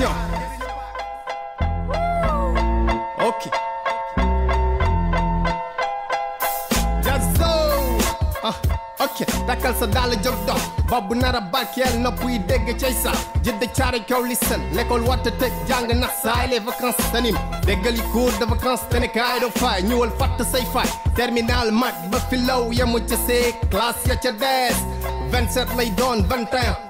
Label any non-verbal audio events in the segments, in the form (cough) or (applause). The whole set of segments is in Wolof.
Attention. Ok. Jazzo. Ah, ok takkal sa daal jóg dox bopp nara barkeel nopp yi dégg cay sa jëdd caari kaw li sën l'école watta tëj jàng nax saay les vacances tanim déggal yi cours de vacances te ne kaay doo faay ñëwal say faay terminal mat ba filaw yamu ca see classe ya ca dees 27 lay doon 21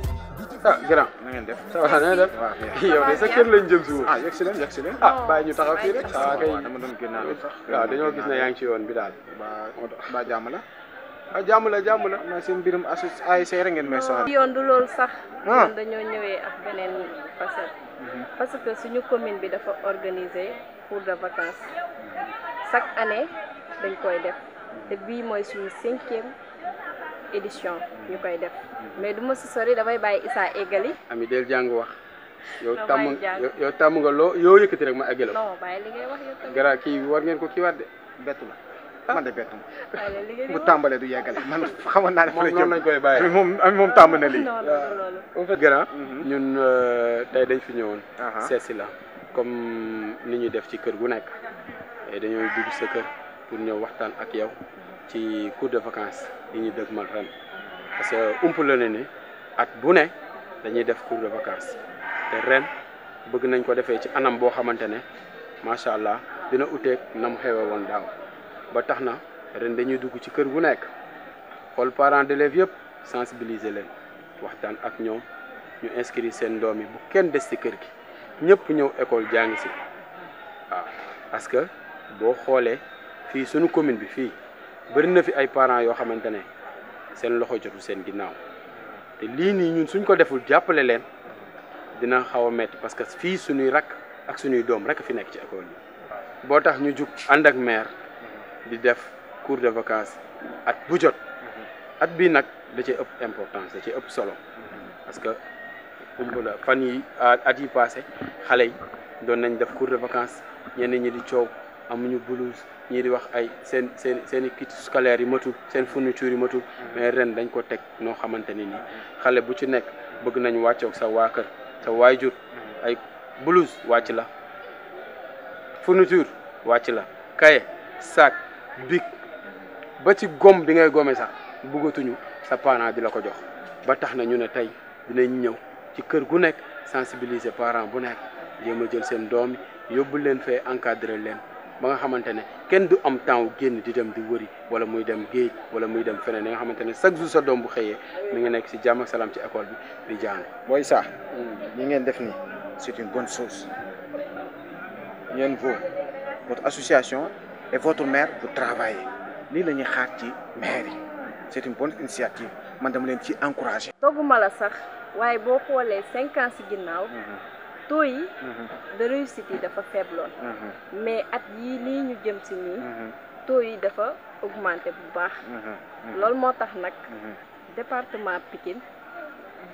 ah grand na ngeen def ça va na ngeen ah, (laughs) sa kër lañ jëm si woon ah yegg si leen yegg si leen ah bàyyi ñu taxaw fii rek waaw ah, ah, kay dama doon génnaaw sax dañoo gis ne yaa ci yoon bi daal ba jàmm la ah jàmm la jàmm la na seen mbirum asus ASC ngeen may soxal yoon du loolu sax ñun dañoo ñëwee ak beneen facette mhm. parce que suñu commune bi dafa organiser pour de vacances chaque année dañ koy def te bii mooy suñu cinquième édition ñu koy def mais du ma si sori damay bàyyi Issa eggali. ami del jàng wax. yow tàmm yow tàmm nga loo yoo yëkkati rek ma àggale gara kii war ngeen ko kii waat de bettu la. Ah. man de ma bu tàmbalee du yeggale man xamoon naa ne. moom noonu lañ koy bàyyi moom moom tàmm na lii. Ah. en fait grand mhm. ñun euh, tey dañ fi ñëwoon. seet la comme ni ñuy def ci kër gu nekk. dañoo dugg sa kër. pour ñëw waxtaan ak yow ci cours de vacances yi ñu ma ren parce que ump la ne ni at bu ne dañuy def cours de vacances te ren bëgg nañ ko defee ci anam boo xamante ne macha allah dina uteeg na mu xewe woon daaw ba tax na ren dañuy dugg ci kër gu nekk xool parents d'élèves yëpp sensibiliser leen waxtaan ak ñoom ñu inscrire seen doom yi bu kenn des ci kër gi ñëpp ñëw école jàngi si waaw parce boo xoolee fii suñu commune bi fii bëri na fi ay parents yoo xamante ne seen loxo jotu seen ginnaaw te lii nii ñun suñ ko deful jàppale leen dina xaw a parce que fii suñuy rakk ak suñuy doom rek fi nekk ci école bi boo tax ñu jug ànd ak maire di def cours de vacances at bu jot bii nag da cee ëpp importance da ëpp solo parce que umbala fan yi at yi passé xale yi doon nañ def cours de vacances ñenn ñi di coow amuñu blouse ñii di wax ay seen seen seen i kit scolaire yi matul seen fourniture yi matul mais ren dañ ko teg noo xamante ni nii xale bu ci nekk bëgg nañ wàccoog sa waa kër sa waajur ay blouse wàcc la fourniture wàcc la kaye sac bic ba ci gom bi ngay gome sax bëggatuñu sa parent di la ko jox ba tax na ñu ne tey dinañ ñëw ci kër gu nekk sensibiliser parent bu nekk jéem a jël seen doom yi yóbbu leen fee encadrer leen ba nga xamantene kenn du am temps génn di dem di wëri wala muy dem géej wala muy dem feneen nga xamante ne chaque jour sa doom bu xëyee mi ngi nekk si jàmm ak salaam ci école bi di jàng. booy sax ñi mm. ngeen def nii c'est une bonne chose ngeen vous votre association et votre maire vous travaillez lii la ñuy xaar ci maire yi c'est une bonne initiative man dama leen ci encourager. togguma la sax waaye boo xoolee cinq ans si ginnaaw. Mm-hmm. taux yi mhm. de réussite yi dafa faibloon mhm. mais at yii lii ñu jëm si nii mhm. taux yi dafa augmenté bu baax loolu moo tax nag département Pikine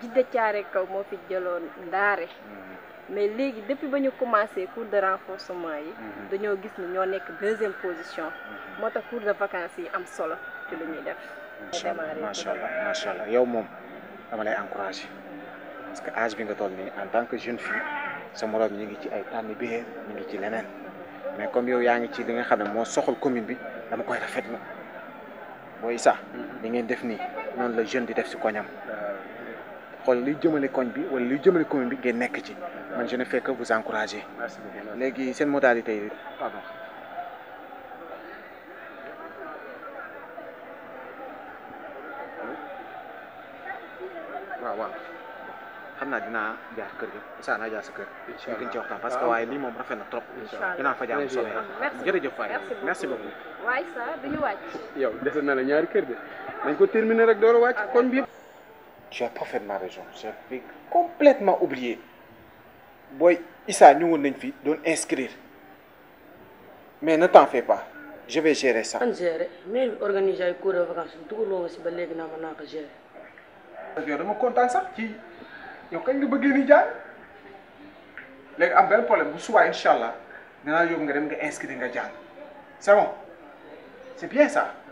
jidde caare kaw moo fi jëloon ndaare mais léegi depuis ba ñu commencé cours de renforcement yi dañoo gis ni ñoo nekk deuxième position moo tax cours de vacance yi am solo ci lu ñuy def macha allah macha yow moom dama lay encouragé parce que âge bi nga toll en tant que jeune fille sa morale ñu ngi ci ay tànn biir ñu ngi ci leneen mais comme yow yaa ngi ci li nga xam ne soxal commune bi dama koy rafet rafetlu moy sax mhm. li ngeen def ni non la jeune di def ci koñam xool li jëmale koñ bi wala li jëmale commune bi ngeen nekk ci man je ne fais que vous encourager. merci beaucoup léegi seen modalité yi pardon. waaw waaw xam dina dinaa jaar kër ga isa naa jaar sa kër ci gën ci waxtaan parce que waaye lii mom rafet na trop dinaa fa jaar solo jeuf Faye merci beaucoup way sa duñu wacc yow dese na la ñaari kër de dañ ko terminer rek door a wàcc ah, koñ bi tu as parfaitement raison j'avais complètement oublié boy isa ñu won nañ fi doon inscrire mais ne t'en fais pas je vais gérer ça. man gérer mais organiser ay cours de vacances dugaloo nga ba légui na ma na ko gérer. yow dama content sax ci. yow kañ nga bëggee ni jàng léegi am benn problème bu subaa incha allah danaa nga dem nga inscrire nga jàng c'est bon c'est bien ça.